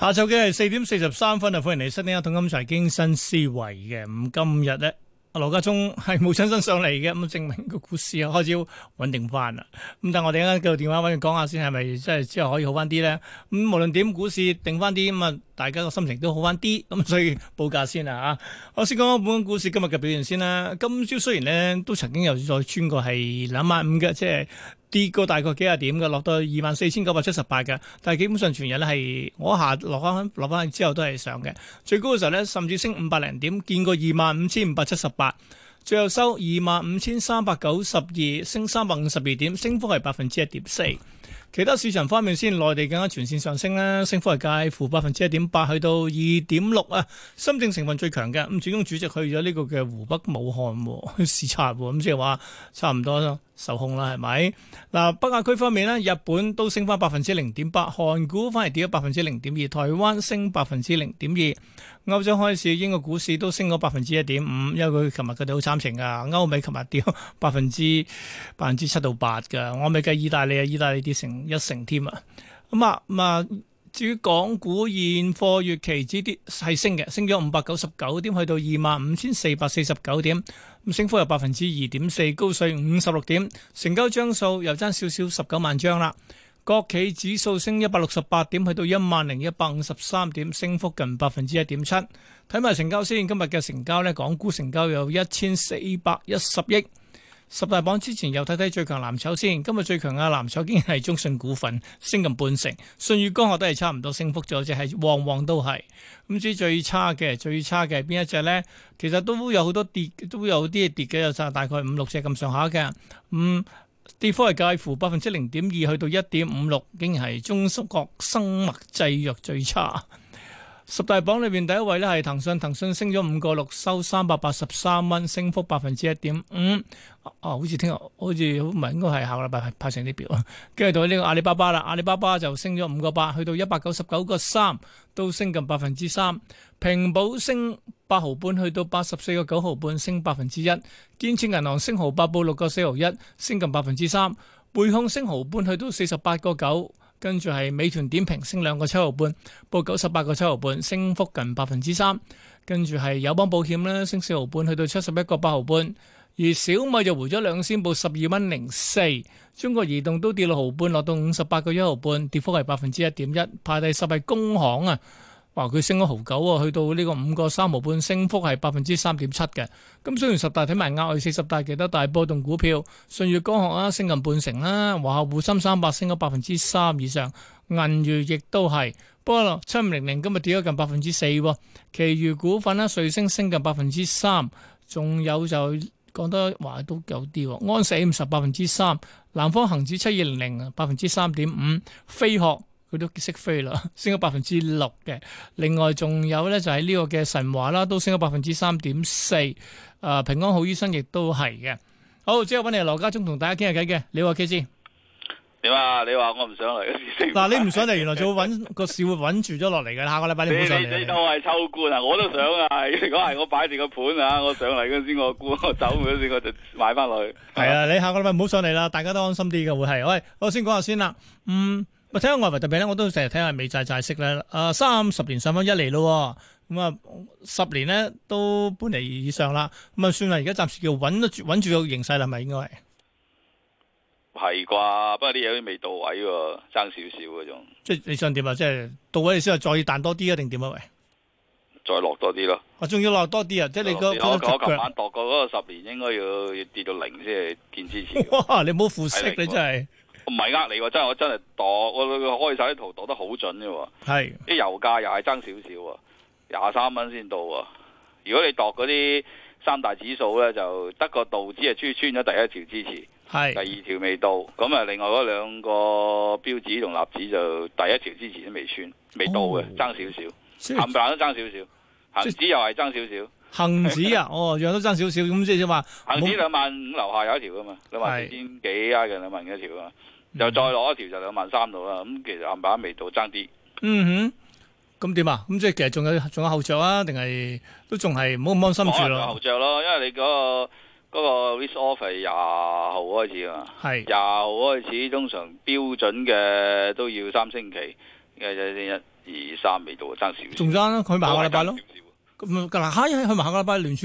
下晝嘅係四點四十三分啊！歡迎你收聽一桶金財經新思維》嘅。咁今日咧，阿羅家聰係冇親身上嚟嘅，咁證明個股市開始穩定翻啦。咁但係我哋一家繼續電話搵佢講下先，係咪真係之後可以好翻啲咧？咁無論點，股市定翻啲，咁啊，大家個心情都好翻啲。咁所以報價先啦吓。我先講翻本港股市今日嘅表現先啦。今朝雖然咧都曾經又再穿過係兩萬五嘅，即係。跌過大概幾十點嘅，落到二萬四千九百七十八嘅，但係基本上全日咧係我下落翻落翻去之後都係上嘅，最高嘅時候咧甚至升五百零點，見過二萬五千五百七十八，最後收二萬五千三百九十二，升三百五十二點，升幅係百分之一點四。其他市場方面先，內地更加全線上升啦，升幅係介乎百分之一點八，去到二點六啊。深圳成分最強嘅，咁中央主席去咗呢個嘅湖北武漢、啊、視察，咁、啊、即係話差唔多咯，受控啦，係咪？嗱、啊，北亞區方面呢，日本都升翻百分之零點八，韓股反而跌咗百分之零點二，台灣升百分之零點二。歐洲開始，英國股市都升咗百分之一點五，因為佢琴日佢哋好慘情噶，歐美琴日跌百分之百分之七到八噶，我未計意大利啊，意大利啲成一成添啊！咁啊啊，至於港股現貨月期指跌係升嘅，升咗五百九十九點，去到二萬五千四百四十九點，咁升幅有百分之二點四，高水五十六點，成交張數又爭少少十九萬張啦。國企指數升一百六十八點，去到一萬零一百五十三點，升幅近百分之一點七。睇埋成交先，今日嘅成交呢，港股成交有一千四百一十億。十大榜之前又睇睇最強藍籌先，今日最強嘅藍籌竟然係中信股份，升近半成。舜宇光學都係差唔多，升幅咗只係往往都係。咁至於最差嘅，最差嘅係邊一隻咧？其實都有好多跌，都有啲跌嘅，有晒大概五六隻咁上下嘅。嗯，跌幅係介乎百分之零點二去到一點五六，竟然係中國生物製藥最差。十大榜裏面第一位呢，係騰訊，騰訊升咗五個六，收三百八十三蚊，升幅百分之一點五。啊，好似聽日，好似唔係應該係下個禮拜拍成啲表。啊。跟住到呢個阿里巴巴啦，阿里巴巴就升咗五個八，去到一百九十九個三，都升近百分之三。平保升八毫半，去到八十四個九毫半，升百分之一。建設銀行升毫八，報六個四毫一，升近百分之三。匯控升毫半，去到四十八個九。跟住係美團點評升兩個七毫半，報九十八個七毫半，升幅近百分之三。跟住係友邦保險咧，升四毫半，去到七十一個八毫半。而小米就回咗兩仙，報十二蚊零四。中國移動都跌六毫半，落到五十八個一毫半，跌幅係百分之一點一。排第十係工行啊。話佢升咗毫九啊，去到呢個五個三毫半，升幅係百分之三點七嘅。咁雖然十大睇埋額外四十大記得大波動股票，信月光學啦，升近半成啦，華夏滬深三百升咗百分之三以上，銀月亦都係。不過七五零零今日跌咗近百分之四，其餘股份啦，瑞星升近百分之三，仲有就講得話都有啲，安盛五十百分之三，南方恒指七二零零百分之三點五，飛鶴。佢都識飛啦，升咗百分之六嘅。另外仲有咧就喺、是、呢個嘅神華啦，都升咗百分之三點四。誒、呃、平安好醫生亦都係嘅。好，之後你嚟羅家聰同大家傾下偈嘅。你話 OK 先點啊？你話我唔想嚟嗱、啊，你唔想嚟，原來就揾個事揾住咗落嚟嘅。下個禮拜你唔上嚟。你你當係秋官啊？我都想啊！如果係我擺住個盤啊，我上嚟嗰時我沽，我走嗰時我就買翻落去。係啊，你下個禮拜唔好上嚟啦，大家都安心啲嘅會係。喂，我先講下先啦。嗯。嗯嗯。咪睇下外圍特別咧，我都成日睇下美債債息咧。啊，三十年上翻一厘咯，咁、嗯、啊，十年咧都半厘以上啦。咁、嗯、啊，算啦，而家暫時叫穩得住，穩住個形勢啦，咪應該係係啩？不過啲嘢,都未到位，爭少少嘅仲。即係你想點啊？即係到位你先係再彈多啲啊？定點啊？喂，再落多啲咯。仲要落多啲啊！即係你個你個腳，晚度過嗰個十年，應該要跌到零先係見支持。哇！你冇負息你真係。唔係呃你喎，真係我真係度，我開晒啲圖度得好準嘅喎。啲是油價又係爭少少喎，廿三蚊先到喎。如果你度嗰啲三大指數咧，就得個道指係穿穿咗第一條支持，係是第二條未到。咁啊，另外嗰兩個標指同納指就第一條支持都未穿，未到嘅，爭少少，恆生都爭少少，恆指又係爭少少。恆指啊， 哦，樣都爭少少咁即啫嘛。恆指兩萬五樓下有一條噶嘛，兩萬四千幾啊，近兩萬幾一條啊。又再攞一條就兩萬三度啦，咁其實暗板未到爭啲。嗯哼，咁點啊？咁即係其實仲有仲有後着啊？定係都仲係唔好咁安心住、啊、咯。仲有後著咯，因為你嗰、嗰個嗰 risk off 廿號開始啊嘛。係廿是號開始，通常標準嘅都要三星期，一、二、三，未到爭少仲爭啊！佢排個禮拜咯。咁嗱， 下一個禮拜聯儲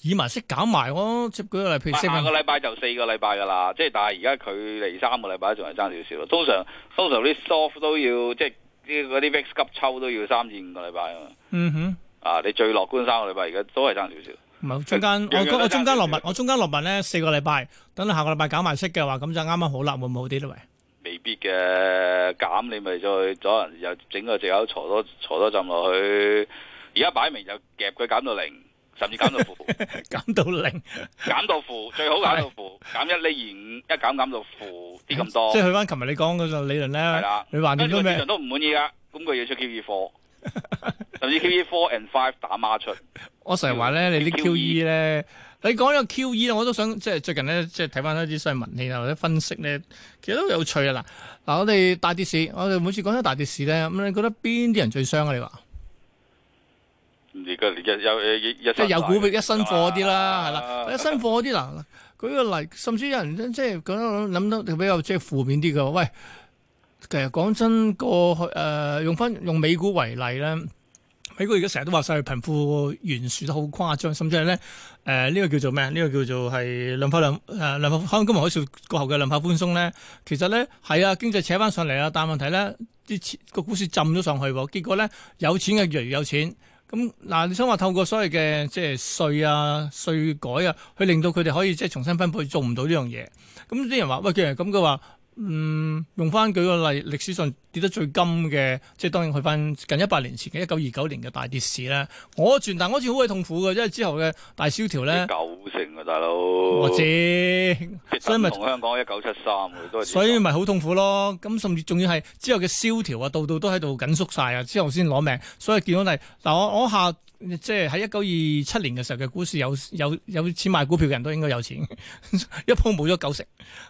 局議息減埋咯，接舉個例譬如下個禮拜就四個禮拜㗎喇，即係但係而家距離三個禮拜仲係爭少少。通常通常啲 soft 都要即係啲 VIX 急抽都要三至五個禮拜啊嘛。嗯哼，啊，你最樂觀三個禮拜，而家都係爭少少。唔係中間，每我我中間落文，我中間落文咧四個禮拜，等你下個禮拜減埋息嘅話，咁就啱啱好啦，會唔會好啲咧？未必嘅減你，你咪再可能又整個隻口，坐多坐多浸落去。而家擺明就夾佢減到零，甚至減到負， 減到零，減到負，最好減到負， 減一厘二五，一減到減到負啲咁多。即係去翻琴日你講嗰個理論咧，你話點的都咩？人都唔滿意噶，咁佢要出 QE four，甚至 QE four and five 打孖出。 我成日話咧，你啲 QE 咧，你講呢個 QE 咧，我都想即係最近咧，即係睇翻一啲相關文氣啊，或者分析咧，其實都有趣啊！嗱，嗱我哋大跌市，我哋每次講咗大跌市咧，咁你覺得邊啲人最傷啊？你話？有有誒，一即係有股票一身貨啲啦，係哇啦，一身貨啲嗱，舉個例，甚至有人即係覺得諗到比較即係負面啲嘅。喂，其實講真過去誒，用翻用美股為例咧，美股而家成日都話晒係貧富懸殊得好誇張，甚至係咧誒呢、呃這個叫做咩？呢、這個叫做係量化量誒量化今日金融海嘯過後嘅量化寬鬆咧，其實咧係啊，經濟扯翻上嚟啊，但係問題咧啲個股市浸咗上去，結果咧有錢嘅越嚟越有錢。咁嗱、嗯，你想話透過所謂嘅即係稅啊、稅改啊，去令到佢哋可以即係重新分配，做唔到呢樣嘢？咁、嗯、啲人話喂，既然咁佢話。嗯，用翻舉個例，歷史上跌得最金嘅，即係當然去翻近一百年前嘅一九二九年嘅大跌市咧。我全，但係我好似好鬼痛苦嘅，因為之後嘅大蕭條咧，九成啊大佬，我知，所以咪同香港一九七三， 所以咪好痛苦咯。咁甚至仲要係之後嘅蕭條啊，度度都喺度緊縮晒啊，之後先攞命。所以見到你，但我我下。即係喺一九二七年嘅時候嘅股市有有有錢買股票嘅人都應該有錢， 一鋪冇咗九成，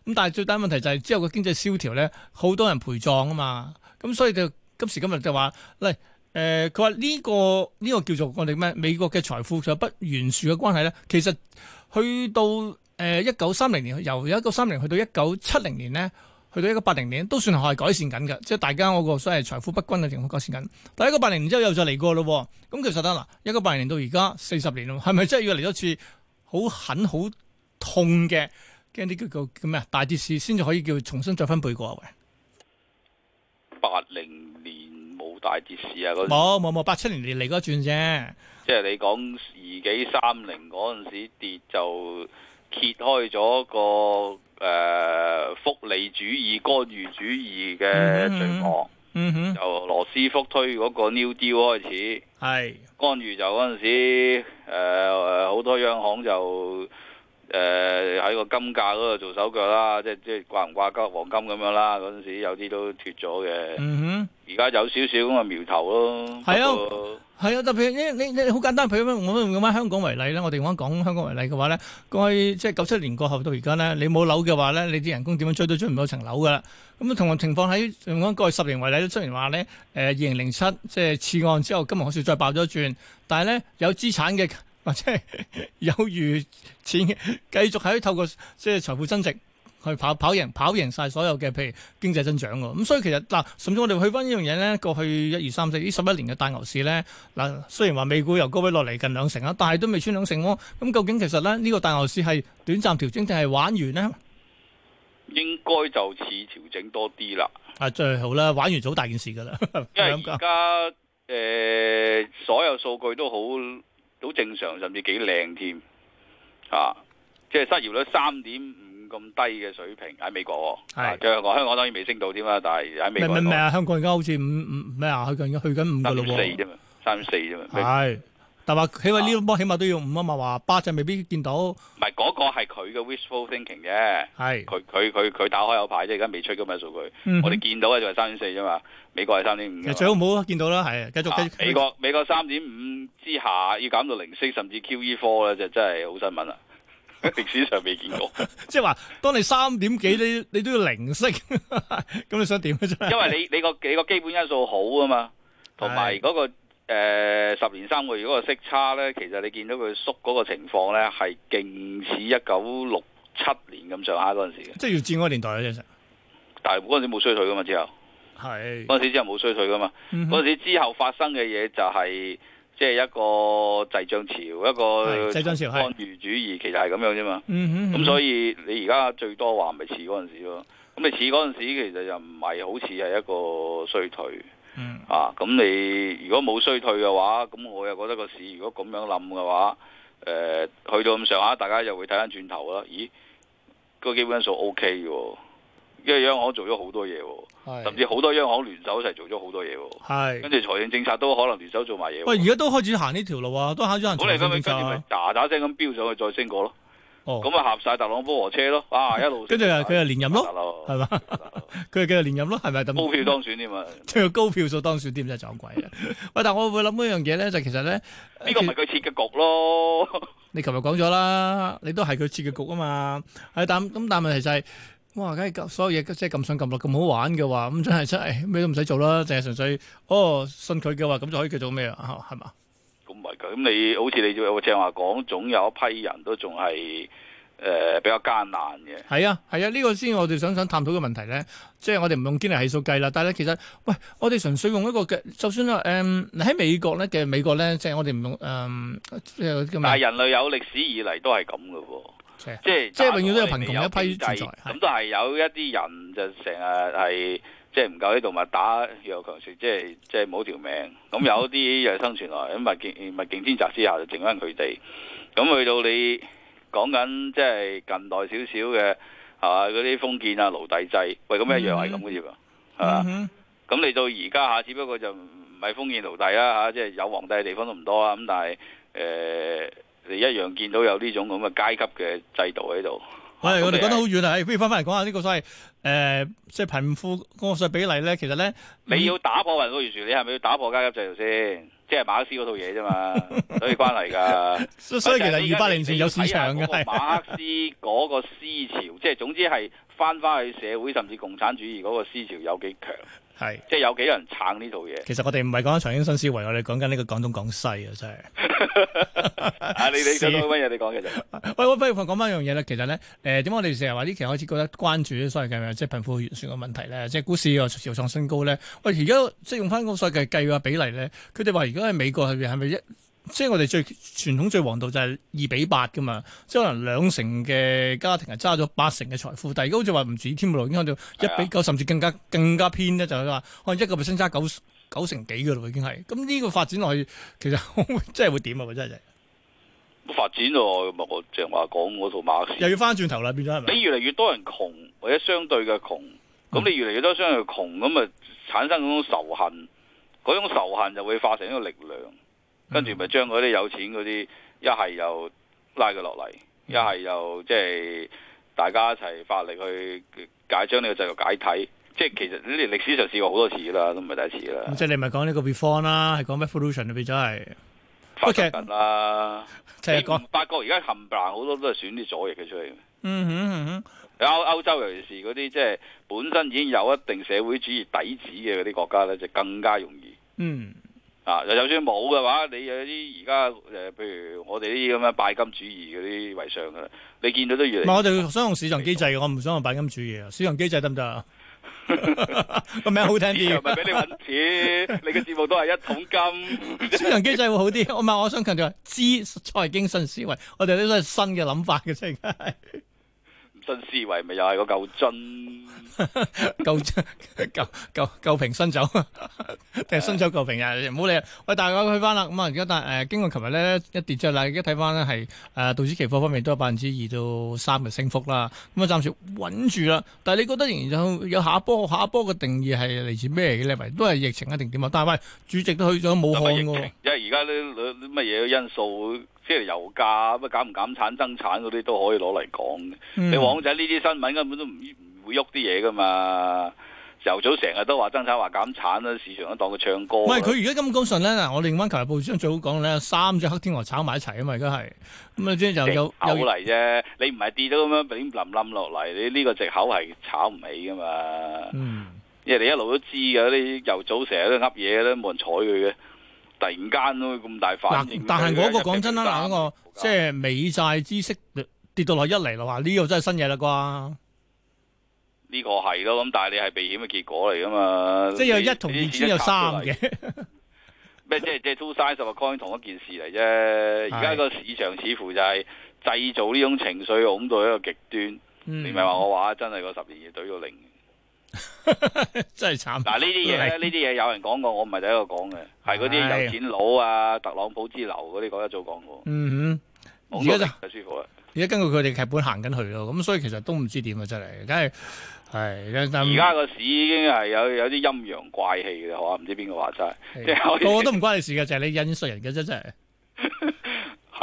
咁但係最大問題就係之後個經濟蕭條咧，好多人陪葬啊嘛。咁所以就今時今日就話，喂、哎，誒、呃，佢話呢個呢、這個叫做我哋咩？美國嘅財富就不懸殊嘅關係咧，其實去到誒一九三零年，由一九三零年去到一九七零年咧。去到一九八零年都算係改善緊嘅，即係大家嗰個所謂財富不均嘅情況改善緊。但係一九八零年之後又再嚟過咯，咁其實得嗱，一九八零年到而家四十年咯，係咪真係要嚟多次好狠好痛嘅驚啲叫叫叫咩啊大跌市先至可以叫重新再分配過？喂，八零年冇大跌市啊，嗰冇冇冇八七年年嚟嗰轉啫，即係你講二幾三零嗰陣時跌就揭開咗個。誒、呃、福利主義、干預主義嘅罪惡，嗯，嗯哼，由羅斯福推嗰個 New Deal 開始，係干預就嗰陣時，誒、呃、好多央行就誒。呃喺個金價嗰度做手腳啦，即係即係掛唔掛鈎黃金咁樣啦。嗰陣時有啲都脫咗嘅，嗯哼，而家有少少咁嘅苗頭咯。係啊，係啊，特別你你你好簡單，譬如我用翻香港為例咧，我哋講講香港為例嘅話咧，過去即係九七年過後到而家咧，你冇樓嘅話咧，你啲人工點樣追都追唔到層樓噶。咁啊，同樣情況喺用講過去十年為例咧，雖然話咧，誒二零零七即係次案之後，今日好似再爆咗轉，但係咧有資產嘅。或者 有餘錢繼續喺透過即係財富增值去跑跑贏跑贏曬所有嘅譬如經濟增長咁、嗯、所以其實嗱、嗯，甚至我哋去翻呢樣嘢咧，過去一二三、四呢十一年嘅大牛市咧，嗱、嗯、雖然話美股由高位落嚟近兩成啊，但係都未穿兩成喎、哦。咁、嗯、究竟其實咧呢、呢個大牛市係短暫調整定係玩完呢？應該就似調整多啲啦。啊，最好啦，玩完早大件事噶啦， 因為而家誒所有數據都好。都正常，甚至幾靚添嚇，即係失業率三點五咁低嘅水平喺美國喎，即係我香港當然未升到添啦，但係喺美國。唔係唔係啊，香港而家好似五五咩啊？去緊去緊五個六四啫嘛，三四啫嘛。係。是但話起碼呢一波起碼都要五啊嘛，話八就未必見到。唔係嗰個係佢嘅 wishful thinking 嘅，係佢佢佢佢打開有牌即係，而家未出咁嘅數據，嗯、哼我哋見到啊就係三點四啫嘛。美國係三點五，其實最好唔好見到啦，係繼續繼、啊、美國美國三點五之下要減到零息，甚至 QE four 咧就真係好新聞啦，歷 史上未見過。 即係話，當你三點幾你 你都要零息，咁 你想點？因為，你 因為你，你你個你個基本因素好啊嘛，同埋嗰個。的誒、呃、十年三個月嗰個息差咧，其實你見到佢縮嗰個情況咧，係勁似一九六七年咁上下嗰陣時嘅。即係越戰嗰年代啊，即係，但係嗰陣時冇衰退噶嘛之後，係嗰陣時之後冇衰退噶嘛。嗰陣時之後發生嘅嘢就係即係一個滯脹潮，是一個干預主義，是其實係咁樣啫嘛。咁、嗯、所以你而家最多話咪似嗰陣時咯。咁你似嗰陣時，其實又唔係好似係一個衰退。嗯啊，咁你如果冇衰退嘅話，咁我又覺得個市如果咁樣冧嘅話，誒、呃，去到咁上下，大家就會睇返轉頭啦。咦，個基本數 O K 嘅，因為央行做咗好多嘢，是甚至好多央行聯手一齊做咗好多嘢。係是，跟住財政政策都可能聯手做埋嘢。喂，而家都開始行呢條路啊，都考咗財政政策啊。咁嚟嘅跟住咪，大大聲咁飆上去，再升過咯啊。哦，咁啊合曬特朗普和車咯，啊一路，跟住佢又連任咯，係嘛？佢佢又連任咯，係咪咁？高票當選添啊，即係高票數當選添，真係撞鬼啊！喂，但係我會諗一樣嘢咧，就其實咧，呢個唔係佢設嘅局咯。你琴日講咗啦，你都係佢設嘅局啊嘛。係，但咁，但係問題就係，哇！梗係所有嘢即係撳上撳落咁好玩嘅話，咁真係真係咩都唔使做啦，淨係純粹哦信佢嘅話，咁就可以叫做咩啊？係嘛？唔係咁你好似你有個正話講，總有一批人都仲係誒比較艱難嘅。係啊，係啊，呢、呢個先我哋想想探討嘅問題咧。即係我哋唔用堅尼係數計啦，但係咧其實，喂，我哋純粹用一個嘅，就算誒喺、嗯、美國咧嘅美國咧，即係我哋唔用誒、嗯，即係叫但係人類有歷史以嚟都係咁嘅喎，即係、啊、即係永遠都有貧窮一批存在，咁都係有一啲人就成日係。即係唔夠啲動物打弱肉強食，即係即係冇條命。咁、嗯嗯、有啲又生存落嚟，咁物競物競天擇之下就剩翻佢哋。咁、嗯、去到你講緊即係近代少少嘅係嘛嗰啲封建啊奴隸制，喂咁一樣係咁嘅嘢喎，係嘛？咁你到而家嚇，只不過就唔係封建奴隸啦嚇、啊，即係有皇帝嘅地方都唔多啊。咁但係誒、呃，你一樣見到有呢種咁嘅階級嘅制度喺度。喂，我哋講得好遠啊！不如翻翻嚟講下呢個所謂誒，即係貧富，嗰個所謂比例咧，其實咧，嗯嗯、你要要打破混混秩序，你係咪要打破階級制度先？即係馬克思嗰套嘢啫嘛， 所以關嚟噶。所以其實二百年前有市場嘅。就是、看看馬克思嗰個， 個思潮，即係總之係翻翻去社會，甚至共產主義嗰個思潮有幾強？係，是即係有幾個人撐呢套嘢？其實我哋唔係講緊長英新思維，我哋講緊呢個廣東廣西啊，真係。啊 是，你你想講乜嘢？你講嘅就，喂，不如講翻一樣嘢啦。其實咧，誒點解我哋成日話呢期開始覺得關注啲所謂嘅即係貧富懸殊嘅問題咧？即係股市又創新高咧。喂，而家即係用翻個數據計個比例咧，佢哋話而家喺美國入邊係咪一？即係我哋最傳統最黃道就係二比八噶嘛，即係可能兩成嘅家庭係揸咗八成嘅財富，但而家好似話唔止添喎，已經去到一比九的，甚至更加更加偏咧，就係話可能一個 percent 揸九九成幾噶咯，已經係咁呢個發展落去，其實 真係會點啊？真係發展喎，咁啊，我正話講嗰套馬克又要翻轉頭啦，變咗咪？你越嚟越多人窮或者相對嘅窮，咁、嗯、你越嚟越多相對窮，咁啊產生嗰種仇恨，嗰種仇恨就會化成一個力量。跟住咪將嗰啲有錢嗰啲，一係又拉佢落嚟，一係又即係大家一齊發力去解將呢個制度解體。即係其實呢啲歷史就試過好多次㗎啦，都唔係第一次啦。咁即係你咪講呢個 reform 啦，係講咩 revolution 變咗係發掘緊啦。Okay, 你法國而家冚唪唥好多都係選啲左翼嘅出嚟？嗯嗯哼，嗯哼。歐、歐洲尤其是嗰啲即係本身已經有一定社會主義底子嘅嗰啲國家咧，就更加容易。嗯。啊！又就算冇嘅話，你有啲而家誒，譬如我哋啲咁嘅拜金主義嗰啲為上嘅，你見到都越嚟。唔係我哋想用市場機制，我唔想用拜金主義啊！市場機制得唔得啊？個 名好聽啲。市場咪俾你搵錢， 你嘅節目都係一桶金。 市場機制會好啲。我唔係，我想強調，知財經新思維，我哋呢都係新嘅諗法嘅，真新思維咪又係個舊樽，舊舊舊舊瓶新酒，定係新酒舊瓶啊！唔好理。喂，大家去翻啦。咁啊，而家但係誒，經過琴日咧一跌之後啦，而家睇翻咧係誒，道指期貨方面都有百分之二到三嘅升幅啦。咁啊，暫時穩住啦。但係你覺得仍然有有下一波，下一波嘅定義係嚟自咩嘢咧？咪都係疫情啊，定點啊？但係喂，主席都去咗武漢喎。因為而家咧，乜嘢嘅因素？即係油價，乜減唔減產、增產嗰啲都可以攞嚟講。你往仔呢啲新聞根本都唔唔會喐啲嘢噶嘛？油早成日都話增產、話減產啦，市場都當佢唱歌。喂，佢而家咁高信咧，嗱，我另外求日報張最好講咧，三隻黑天鵝炒埋一齊啊嘛，而家係咁啊，即係就有嚟啫。你唔係跌咗咁樣，俾冧冧落嚟，你呢個藉口係炒唔起噶嘛？嗯，因為你一路都知嘅，啲油早成日都噏嘢都冇人睬佢嘅。突然間都咁大反應？嗱，但係我個講真啦，嗱，嗰個即係美債孳息跌到落一釐啦，哇！呢個真係新嘢啦啩？呢個係咯，咁但係你係避險嘅結果嚟噶嘛？即係有一同二先有三嘅咩？即係即係 two sides of a coin 同一件事嚟啫。而家個市場似乎就係製造呢種情緒，推到一個極端。嗯、你咪係話我話真係個十年嘢對個零？ 真係慘！嗱呢啲嘢咧，呢啲嘢有人講過，我唔係第一個講嘅，係嗰啲有錢佬啊、特朗普之流嗰啲講一早講過。嗯哼、嗯，而家就舒服啦。而家根據佢哋劇本行緊去咯，咁所以其實都唔知點啊，真係，梗係係。而家個市已經係有有啲陰陽怪氣嘅，吓唔知邊個話齋。個個都唔關你事嘅，就係 你引述人嘅啫，真係。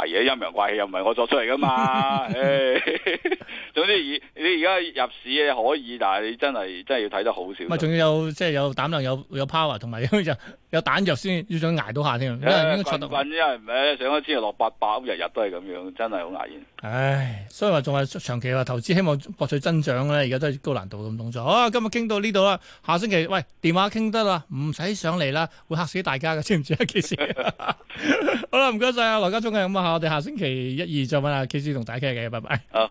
係啊，陰陽怪氣又唔係我作出嚟㗎嘛，誒、 哎。總之，你你而家入市嘅可以，但係你真係真係要睇得好少。唔係，仲要有即係、就是、有膽量、有有 power 同埋 有彈藥先，要想挨到下添。運運，因為唔係上咗千又落八百，日日都係咁樣，真係好危險。唉，所以話仲係長期話投資，希望博取增長咧，而家都係高難度咁動作。好啦，今日傾到呢度啦，下星期喂電話傾得啦，唔使上嚟啦，會吓死大家嘅，知唔知啊？K C，好啦，唔該晒啊，羅家聰啊，咁啊，我哋下星期一二再問阿 K C 同大家傾偈，拜拜。